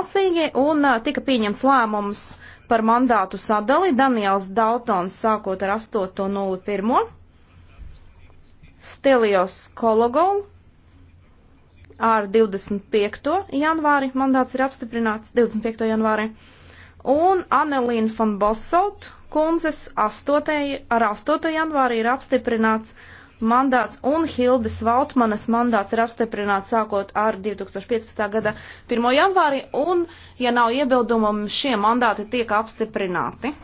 atlasīgi un tika pieņemts lēmums par mandātu sadali Daniels Daltons sākot ar 8.01. Stelios Kologol ar 25. janvāri mandāts ir apstiprināts 25. janvāri. Un Anelīna von Bossaut kundzes 8. ar 8. janvāri ir apstiprināts mandāts un Hildes Vautmanas mandāts ir apstiprināts sākot ar 2015. gada 1. janvāri, un, ja nav iebildumam, šie mandāti tiek apstiprināti.